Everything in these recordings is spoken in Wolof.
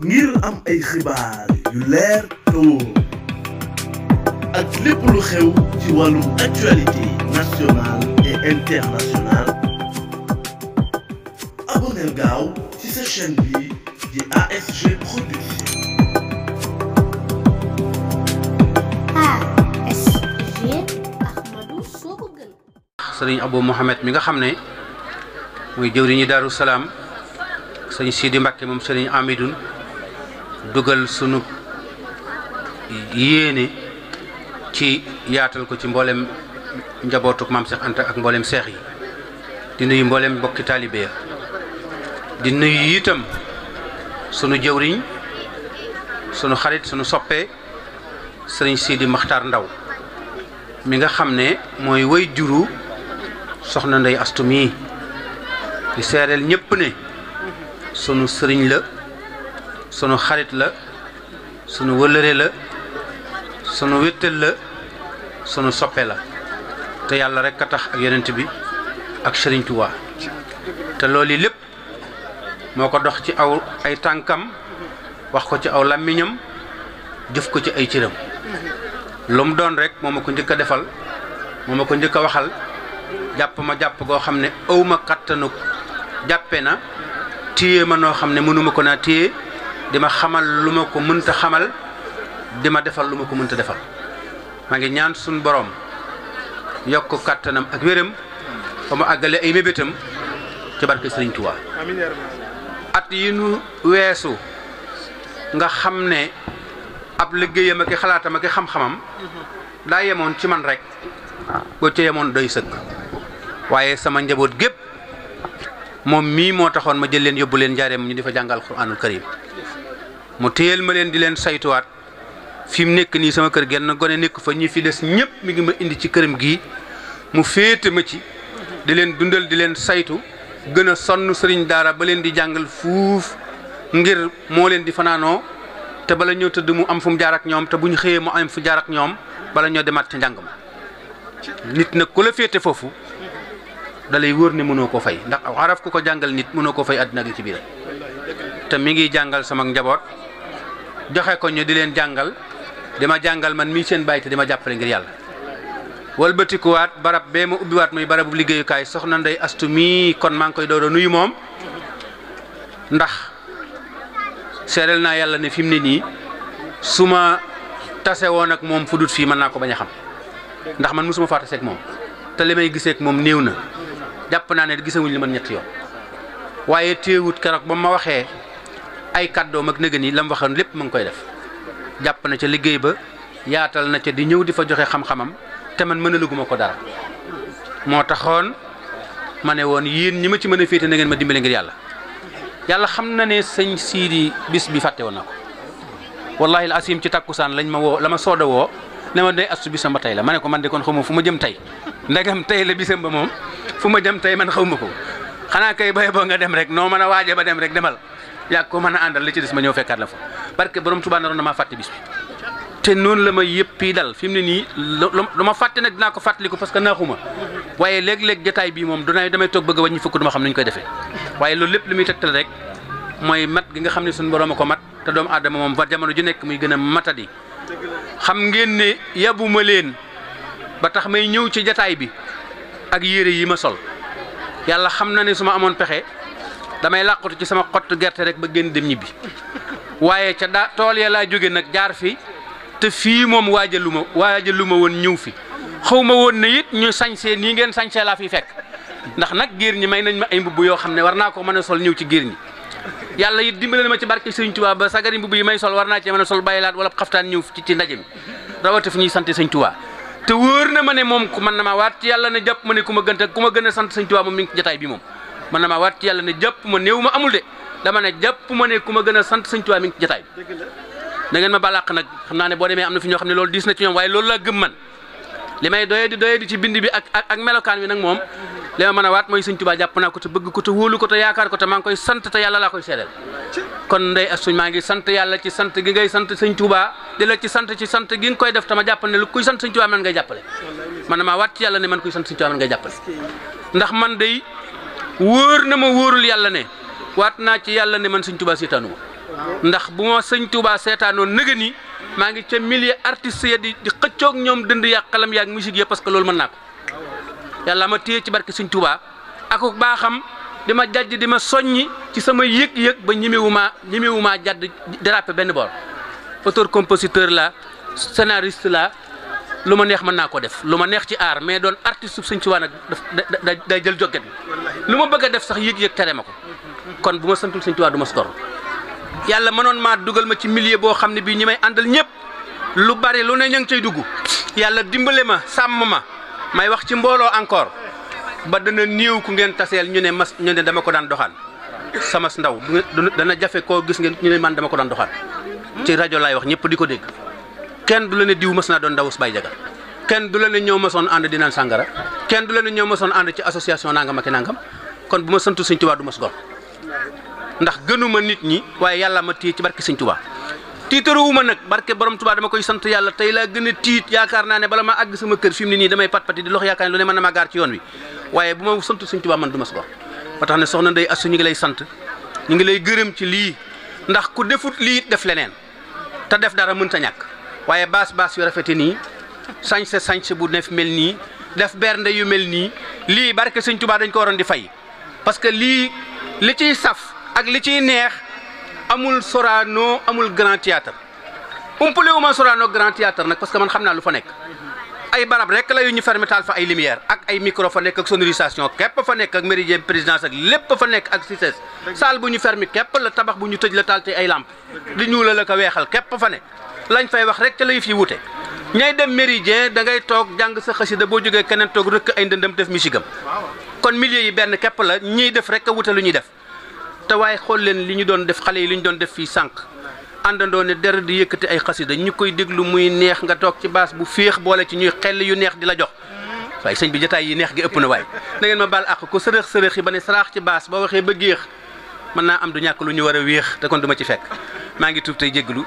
ngir am ay xibaar yu leer te wóor ak lépp lu xew ci wàllum actualité nationale et internationale aboneel gaaw ci sa chaîne bi di ASG Production sëriñ Abou Mouhamed mi nga xam ne muy jëwriñu Daaru Salaam sëriñ Sidi Mbacke moom sëriñ Amidoun dugal sunu yéene ci yaatal ko ci mboolem njabootuk maam Cheikh ak mboolem seex yi di nuyu mboolem mbokki taalibe ya di nuyu itam sunu jëwriñ sunu xarit sunu soppee sëriñ Sidi maxtar Ndaw mi nga xam ne mooy wéy juru soxna Ndey Astu mii di seereel ñépp ne sunu sëriñ la sunu xarit la sunu wëllëre la sunu wéttal la sunu soppe la te yàlla rek a tax ak yonent bi ak Sëriñ Tuubaa te loolu lépp moo ko dox ci aw ay tànkam wax ko ci aw làmmiñam jëf ko ci ay cëram lu doon rek moo ko njëkk a defal moo ma ko njëkk a waxal jàpp ma jàpp goo xam ne awma kattanu jàppe na téye ma noo xam ne mënuma ko naa téye di ma xamal lu ma ko mënta xamal di ma defal lu ma ko mënta defal maa ngi ñaan suñu borom yokk kàttanam ak wéram ba mu àggale ay mébétam ci barke Sëriñ Tuubaa at yi nu weesu nga xam ne ab liggéeyam ak i xalaatam ak xam-xamam daa yemoon ci man rek boo ca yemoon doy sëkk waaye sama njaboot gépp moom mii moo taxoon ma jël leen yóbbu leen njaareem ñu di fa jàngal Quraanul Karim mu téyel ma leen di leen saytuwaat fi mu nekk nii sama kër genn gone nekk fa ñu fi des ñëpp mu ngi ma indi ci këram gii mu féete ma ci di leen dundal di leen saytu gën a sonn sëriñ daara ba leen di jàngal fuuf ngir moo leen di fanaanoo te bala ñoo tëdd mu am fu mu jaar ñoom te bu ñu xëyee mu am fu jaar ñoom bala ñoo demaat ci njàng ma nit na ku la féete foofu dalay lay wóor ne mënoo ko fay ndax aw araf ku ko jàngal nit mënoo ko fay àddina gi ci biir te joxe ko ñu di leen jàngal dima jàngal man mi seen bàyyi dima jàppale ngir yàlla walbatikuwaat barab be ma ubbiwaat muy barabu liggéeyukaay soxna nday astu mii kon maa ngi koy dooro nuyu moom ndax seereel naa yàlla ne fi mu ne nii su tase woon ak moom fudut fii mën naa ko xam ndax man musuma faa taseeg moom te li may giseeg moom néew na jàpp naa ne gisewuñ li man ñetti yoon waaye téewut keroog ba ma waxee ay kàddoom ak nëgën la mu waxoon lépp mu ngi koy def jàpp na ca liggéey ba yaatal na ca di ñëw di fa joxe xam-xamam te man mën a luguma ko dara moo taxoon ma ne woon yéen ñi ma ci mën a féete na ngeen ma dimbale ngir yàlla yàlla xam na ne sëñ siidi bis bi fàtte woon na ko wallahi al asim ci takkusaan lañ ma woo la ma sooda woo ne ma day astu bisam ba tey la ma ne ko man de kon xawma fu ma jëm tey ndegam tey la bisam ba moom fu ma jëm tey man xawma ko yaa ko mën a àndal li ci ma ñëw fekkaat la fa parce que borom Tuubaa naroon na maa fàtte bis bi te noonu la ma yëpp yi dal fi mu ne nii lu ma fàtte nag dinaa ko fàttaliku parce que naaxuma waaye leg léeg jotaay bii moom dunaa damay toog bëgg a wàññi fukk duma xam nañu koy defee waaye loolu lépp li muy tegtal rek mooy mat gi nga xam ne suñu borom a ko mat te doomu aadama moom ba jamono ju nekk muy gën a matadi xam ngeen ne yabuma leen ba tax may ñëw ci jataay bi ak yére yi ma sol yàlla xam na ne su amoon pexe damay làqatu ci sama xottu gerte rek ba génn dem ñibbi waaye ca daa tool ya laa jóge nag jaar fi te fii moom waajalu ma waajalu ma woon ñëw fi xaw ma woon ne it ñu sañsee nii ngeen sañsee laa fi fekk ndax nag giir ñi may nañ ma ay mbubb yoo xam ne war naa ko mën a sol ñëw ci giir ñi yàlla it dimbale na ma ci barke Sëriñ Tuubaa ba sagari mbubb yi may sol war naa cee mën a sol bàyyi laat wala xaftaan ñëw ci ci ndaje mi rawati fi ñuy sant Sëriñ Tuubaa te na ma ne moom ku na maa waat ci yàlla ne ne ku ma gën ku ma gën a sant Sëriñ Tuubaa moom mi ngi bi moom man na maa yàlla ne jàpp ma amul de dama ne jàpp ne ku ma gën a sant sëñ mi ngi bi na ngeen ma balaq nag xam naa ne boo demee am na fi ñoo xam ne loolu diis na ci ñoom waaye loolu laa gëm man li may doyee di doyee di ci bind bi ak melokaan bi nag moom li ma mën a waat mooy sëñ Tuubaa jàpp naa ko te bëgg ko te wóolu ko te yaakaar ko te maa ngi koy sant te yàlla laa koy seedeel kon ndey astuñ maa ngi sant yàlla ci sant gi ngay sant sëñ Tuubaa di la ci sant ci sant gi nga koy def tama jàpp ne lu kuy sant sëñ Tuubaa man ngay jàppale man maa wóor na ma wóorul yàlla ne waat naa ci yàlla ne man sëñ tubaa seetaanuma ndax bu ma sañ tubaa seetaanoon nëga ni maa ngi ca milieu artiste ya di xëccoog ñoom dënd yaa xalam yaa musique ya parce que loolu ma naa ko yàlla ma téye ci barke sëñ tubaa akuk baaxam di ma jàjj di ma soññi ci sama yëg-yëg ba ñemewu maa ñemewu maa jàdd dérapé benn boor auteur compositeur la scénariste la luma neex man naa ko def luma neex ci art mais don artiste seigne touba nak da day jël jogget luma bëgg def sax yeg yeg téré mako kon buma santul seigne touba duma du ma skor yàlla mënoon maa dugal ma ci milieu bo xamni bi ñimay andal ñepp lu bari lu ne ñang cey duggu yalla dimbalé ma sam ma may wax ci mbolo encore ba dana niw ku ngeen tassel ñu ne mas ñu ne dama ko daan doxal sama ndaw dana jafe ko gis ngeen ñu ne man dama ko daan doxal ci radio lay wax ñepp diko ko dégg Ken du la ne diw mës naa doon dawus bay jaga ken du la ñoo mësoon and di naan sàngara Ken du la ñoo mësoon and ci association nangam ak nangam kon buma ma santu sëñ Tuubaa du mas gor ndax gënuma nit ñi waye yalla ma tii ci barke sëñ Tuubaa tiitaruwuma nak barke borom touba dama koy sant yalla tay la gën tiit yaakar naane bala ma ag sama kër fimni ni damay pat pati di lox yaakar lu ne man na ma gar ci yoon wi waye buma santu sëñ man du mas gor ba tax ne soxna Ndey ñi ngi lay sant ñi ngi lay gëreem ci li ndax ku defut li def leneen ta def dara ta ñak waye bas bas yu rafete nii sañse sañse bu def melni def bernde yu melni li barke seigne touba dañ ko waroon di fay parce que li li ci saf ak li ci neex amul Sorano amul Grand Théâtre um wu ma Sorano Grand Théâtre nak parce que man xamna lu fa nek ay barab rek la yu ñu fermé tal fa ay lumière ak ay micro fa nekk ak sonorisation kep fa nek ak méridien présidence ak lépp fa nek ak CICES salle bu ñu fermé kep la tabax bu ñu tëj la tal te ay lampe di ñu la ka wéxal kep fa nek lañ fay wax rek ca la yëf yi wute ñay dem méridien da ngay toog jàng sa xasida boo jógee keneen toog rëkk ay ndëndam def misigam kon milieu yi benn képp la ñiy def rek a wute lu ñuy def te waaye xool leen li ñu doon def xale yi li ñu doon def fii sànq àndandoo ne der di yëkkati ay xasida ñu koy déglu muy neex nga toog ci baas bu féex boole ci ñuy xel yu neex di la jox waaye sëñ bi jotaay yi neex gi ëpp na waaye da ma baal àq ko sërëx sërëx yi ba ne saraax ci baas boo waxee ba géex mën naa am du ñàkk lu ñu war a wéex te kon du ci fekk maa ngi tuub tey jégalu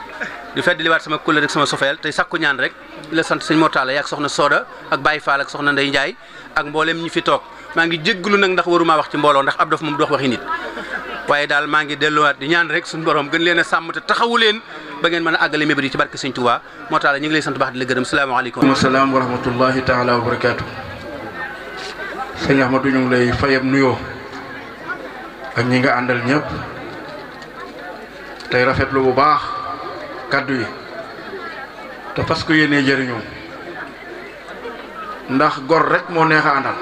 di waat sama kulle rek sama sofeel tey sàkku ñaan rek di la sant sëñ Mortalla yaag soxna Soda ak Baye Fall ak soxna Ndey Njaay ak mboolem ñi fi toog maa ngi jégalu nag ndax waruma wax ci mbooloo ndax ab dof moom du wax waxi nit waaye daal maa ngi delluwaat di ñaan rek suñ borom gën leen sàmm te taxawu leen ba ngeen mën a àggale mébét yi ci barke sëñ Touba Mortalla ñu ngi lay sant baax di la gërëm salaamaaleykum wasalaam wa rahmatullahi taala wa barakaatu sëñ Ahmadou ñu ngi lay fayam nuyoo ak ñi nga àndal ñëpp tey rafetlu bu baax kàddu yi te parce que yéenee jëriñu ndax gor rek moo neex àndal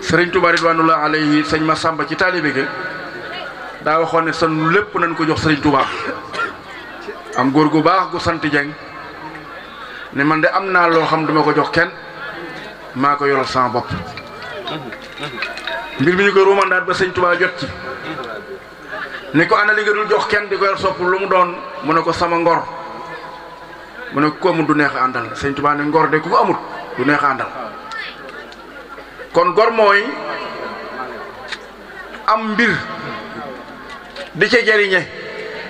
sëriñ Tuubaa ridwaanullah alayhi sëñ ma sàmba ci taalibe gi daa waxoon ne san lépp nañ ko jox sëriñ Tuubaa am góor gu baax gu sant Jeng ne man de am naa loo xam duma ko jox kenn maa ko yoral sama bopp mbir mi ñu ko ruumandaat ba señ tuba jot ci ne ko ana li nga dul jox kenn di yor sopp lu mu doon mu ne ko sama ngor mu ne ko mu du neex andal señ tuba ne ngor de ku ko amut du neex andal kon ngor moy am mbir di ca jariñe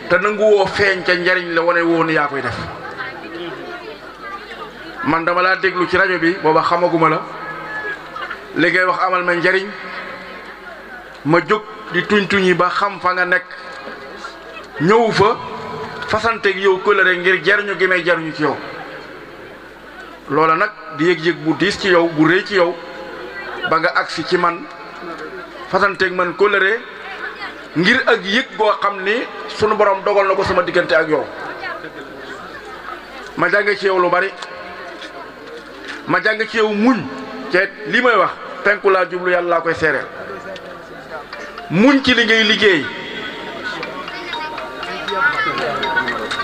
te nangu wo feñ ca njariñ la wane woon ya koy def man dama la deglu ci radio bi boba xamaguma la ligay wax amal ma njariñ ma jóg di tuñ tuñi ba xam fa nga nekk ñëw fa fasanteeg yow kóllëre ngir jariñu gi may jariñu ci yow loola nag di yëg-yëg bu diis ci yow bu rëy ci yow ba nga agsi ci man fasanteeg man kóllëre ngir ak yëg goo xam ni sunu borom dogal na ko sama diggante ak yow ma jàng ci yow lu bari ma jàng ci yow muñ ceet li may wax penku laa jublu yàlla laa koy seereel muñ ci li ngay liggéey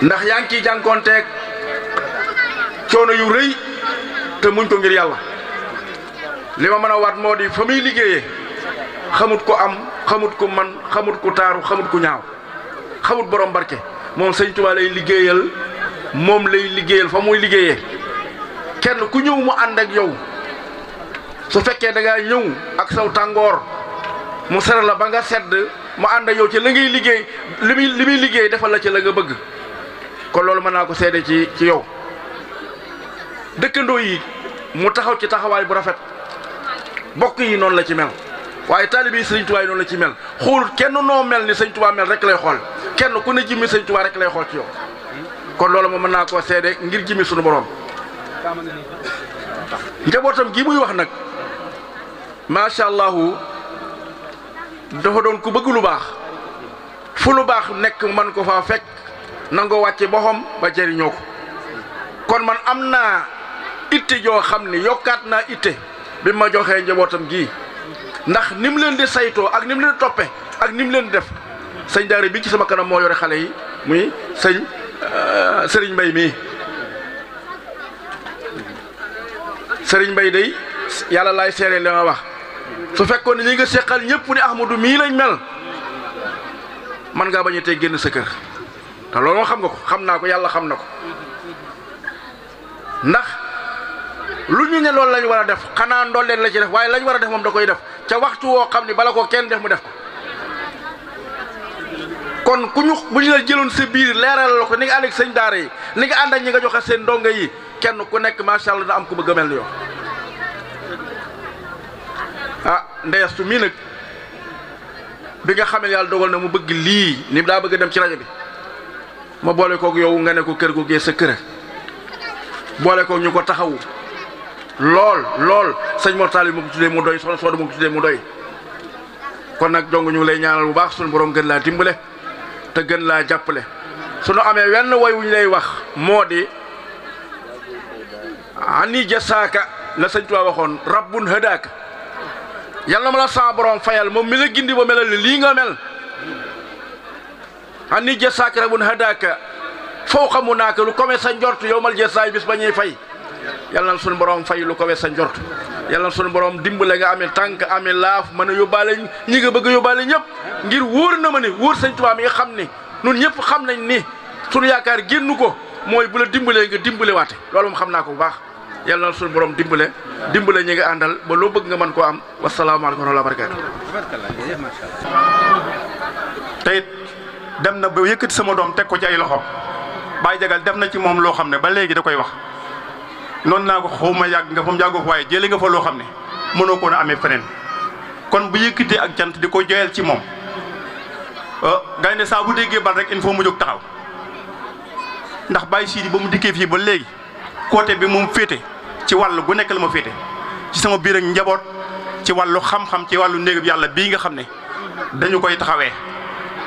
ndax yaa ngi ciy jànkonteeg coono yu rëy te muñ ko ngir yàlla li ma mën a moo di fa muy liggéeyee xamut ko am xamut ko man xamut ko taaru xamut ko ñaaw xamut borom barke moom sëñ Tuubaa lay liggéeyal moom lay liggéeyal fa muy liggéeyee kenn ku ñëw mu ànd ak yow su fekkee da ngaa ñëw ak saw tàngoor mu sara la ba nga sedd mu ànd yow ci la ngay liggéey li muy li muy liggéey defal la ci la nga bëgg kon loolu mën naa ko seede ci ci yow dëkkandoo yi mu taxaw ci taxawaay bu rafet bokk yi noonu la ci mel waaye taalibe yi sëñ Tuubaa yi noonu la ci mel xool kenn noo mel ni sëñ Tuubaa mel rek lay xool kenn ku ne jimmi sëñ Tuubaa rek lay xool ci yow kon loolu moom mën naa koo seede ngir jimmi suñu borom njabootam gi muy wax nag macha allahu. dafa doon ku bëgg lu baax fu lu baax nekk man ko faa fekk nangoo wàcce boxam ba jëriñoo ko kon man am naa itte joo xam ni yokkaat naa itte bi ma joxee njabootam gii ndax ni mu leen di saytoo ak ni mu leen di toppe ak ni leen di def sëñ daara bi ci sama kanam moo yore xale yi muy sëñ euh, sëriñ mbay mii sëriñ mbay dey yàlla lay seere li ma wax su fekkoon ne li nga seqal ñëpp ni Ahmadou mii lañ mel man nga bañ a tey génn sa kër te loolu xam nga ko xam naa ko yàlla xam na ko ndax lu ñu ne loolu lañu war a def xanaa ndolleen la ci def waaye lañu war a def moom da koy def ca waxtu woo xam ni bala ko kenn def mu def ko kon ku ñu bu ñu la jëloon si biir leeral la ko ni nga ànd ak daara yi ni nga ànd ak ñi nga joxe seen ndongo yi kenn ku nekk macha allah na am ku bëgg a mel ni yow ndeyastu mii nag bi nga xamee yàlla dogal na mu bëgg lii ni daa bëgg dem ci rajo bi ma boole kook yow nga ne ko kër gu gee sa kër boole kook ñu ko taxawu lool lool sëñ Mor Talla bi ma ko tuddee mu doy soxna Soda ma ko tuddee mu doy kon nag dong ñu ngi lay ñaanal bu baax suñu borom gën laa dimbale te gën laa jàppale suñu amee wenn way wu lay wax moo di ani jasaaka la sëñ Tuubaa waxoon rabbun hadaaka yal na ma la sa borom fayal moom mi la gindi ba melal ni lii nga mel an ni jësaak rabun hadaka faw xamu naaka lu kowe njort yow mal jësaay bis ba ñuy fay yal na suñu borom fay lu kowe sa njort yal na suñu borom dimbale nga amee tànk amee laaf mën a yóbbaale ñi nga bëgg yóbbaale ñëpp ngir wóor na ma ni wóor Sëñ Tuubaa mi nga xam ni nun ñëpp xam nañ ni suñu yaakaar génnu ko mooy bu la dimbalee nga dimbale waate loolu xam naa ko bu baax yàlla na suñu boroom dimbale dimbale ñi nga àndal ba loo bëgg nga man koo am wasalaamaaleykum wa rahmatulah. te dem na ba yëkkati sama doom teg ko ci ay loxo Baye Jagal def na ci moom loo xam ne ba léegi da koy wax noonu naa ko xaw ma yàgg nga fa mu yàggoo fa waaye nga fa loo xam ne mënoo ko woon amee feneen kon bu yëkkatee ak cant di ko joyal ci moom euh, gaynde saa bu déggee bal rek il faut mu jóg taxaw ndax Baye yi ba mu dikkee fii ba léegi côté bi moom féete. ci wàllu gu nekk la ma féete ci sama biir ak njaboot ci wàllu xam-xam ci wàllu néegam yàlla bii nga xam ne dañu koy taxawee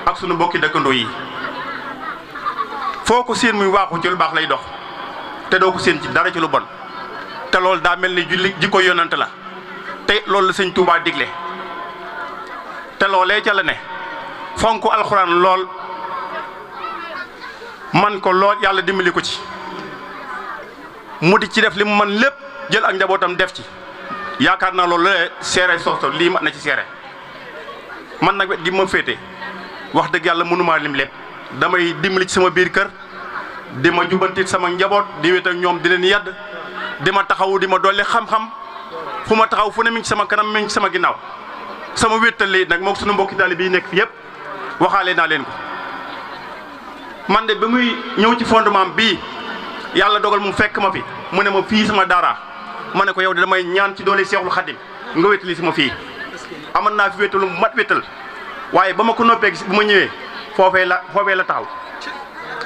ak sunu mbokki dëkkandoo yi foo ko séen muy waaxu ci lu baax lay dox te doo ko séen ci dara ci lu bon te loolu daa mel ni julli jikko yonante la te loolu la sëñ Tuubaa digle te loolee ca la ne fonk alxuraan lool man ko lool yàlla dimbali ko ci mu di ci def li mu man lépp jël ak njabootam def ci yaakaar naa loolu la seere soxna lii ma na ci seere man nag wet gi ma féete wax dëgg yàlla mënumaa lim lépp damay dimbali ci sama biir kër di ma jubantit sama njaboot di wet ak ñoom di leen yàdd di ma taxawu di ma dolli xam-xam fu ma taxaw fu ne mi sama kanam mi sama ginnaaw sama wéttal lii nag moom suñu mbokki taalibe yi nekk yépp yëpp waxaale naa leen ko man de ba muy ñëw ci fondement bii yàlla dogal mu fekk ma fi mu ne ma fii sama daara ma ne ko yow de damay ñaan ci doole Seexul Xadim nga wétali ma fii amoon naa fi wétalu mat wétal waaye ba ma ko noppee gis bu ma ñëwee foofee la foofee la taxaw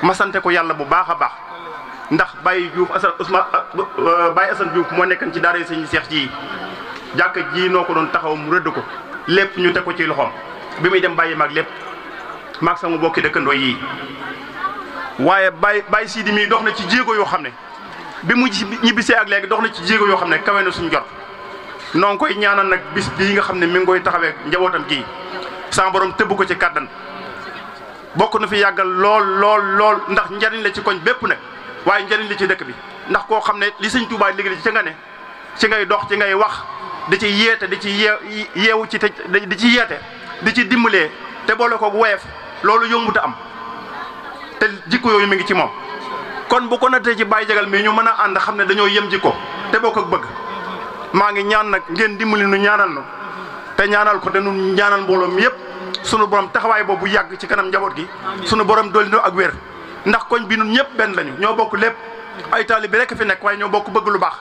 ma sante ko yàlla bu baax a baax ndax Baye Diouf Assane Ousmane euh, Baye Assane moo nekkan ci daara sëñ Seex ji jàkk ji noo ko doon taxaw mu rëdd ko lépp ñu teg ko ci loxoom bi muy dem bàyyi mag lépp maag sama bokki dëkkandoo yii waaye Baye Baye Sidi mii dox na ci jéego yoo xam ne bi mu ñibbisee ak léegi dox na ci jéego yoo xam ne kawe na suñ jot noo ngi koy ñaanal nag bis bii nga xam ne mi ngi koy taxawee njabootam gii sama borom tëbb ko ci kàddan bokk na fi yàggal lool lool lool ndax njariñ la ci koñ bépp nag waaye njariñ la ci dëkk bi ndax koo xam ne li sëñ Tuubaa liggéey ci nga ne ci ngay dox ci ngay wax di ci yeete di ci yeewu ci te di ci yeete di ci dimbalee te boole ko woyef loolu yombut am te jikko yooyu mi ngi ci moom kon bu ko nattee ci bàyyi jagal mi ñu mën a ànd xam ne dañoo yem jikko te bokk ak bëgg maa ngi ñaan nag ngeen dimbali nu ñaanal nu te ñaanal ko te nu ñaanal mbooloo mi yëpp sunu borom taxawaay boobu yàgg ci kanam njaboot gi sunu borom dolli nu ak wér ndax koñ bi nun ñëpp benn lañu ñoo bokk lépp ay taalibe rekk fi nekk waaye ñoo bokk bëgg lu baax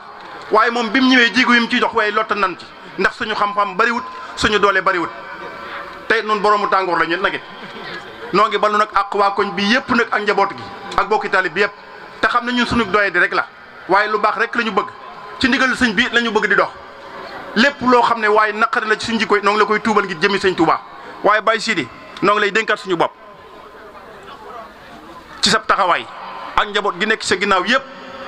waaye moom bi mu ñëwee jigu yi mu ci jox waaye lotta nan ci ndax suñu xam-xam bariwut suñu doole bariwut te nun boroomu tàngoor la ñu nag it noo ngi balu nag ak waa koñ bi yëpp nag ak njaboot gi ak bokki taalib bi yëpp te xam ne ñun suñu doye di rek la waaye lu baax rek la ñu bëgg ci ndigal sëñ bi la ñu bëgg di dox lépp loo xam ne waaye naqari la ci suñu jikko noo la koy tuubal ngir jëmi sëñ Tuubaa waaye Baye Sidi lay dénkaat suñu bopp ci sab taxawaay ak njaboot gi nekk sa ginnaaw yëpp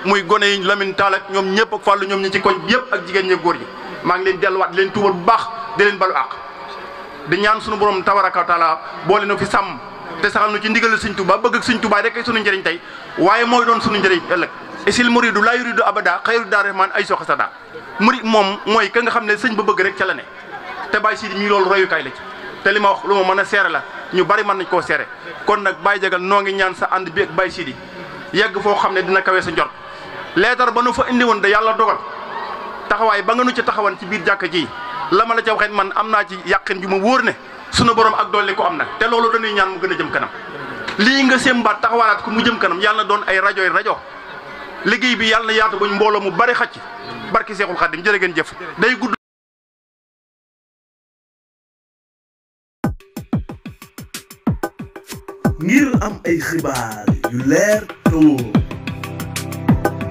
muy gone yi Lamine Tall ñoom ñëpp ak ñoom ñi ci koñ yëpp ak jigéen ñi góor yi maa ngi leen delluwaat di leen tuubal bu baax di leen balu àq di ñaan suñu borom tabaraka wa taala boole na fi sàmm te saxal nu ci ndigal Seigne Touba bëgg ak Seigne Touba rek ay sunu njëriñ tay waye moy doon sunu njëriñ ëlëk isil muridu la yuridu abada khairu dar rahman ay so xasada murid mom moy ka nga xam Seigne ba bëgg rek ci la ne te bàyyi si lool royu kay la ci te lima wax luma mëna séré la ñu bari mën nañ koo seere kon nak bay jégal no nga ñaan sa and bi ak bay sidi yegg fo xam dina kawé sa njort lettre ba nu fa indi won da yalla dogal taxaway ba nga nu ci taxawon ci biir jakk ji lama la ci waxe man amna ci yàqin ju ma woor ne sunu borom ak dolli ko am na te loolu dañuy ñaan mu gën a jëm kanam lii nga sémbaat taxawaalaat ko mu jëm kanam yàlla doon ay rajoy rajo liggéey bi yàlla yaatu buñ mbooloo mu bari xacc barki Seexul Xaadim jërë ngeen jëf day gudd ngir am ay xibaar yu leer te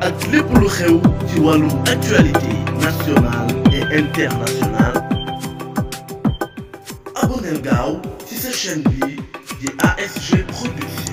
ak lépp lu xew ci wàllum actualité nationale et internationale C'est ci sa chaîne bi ASG produit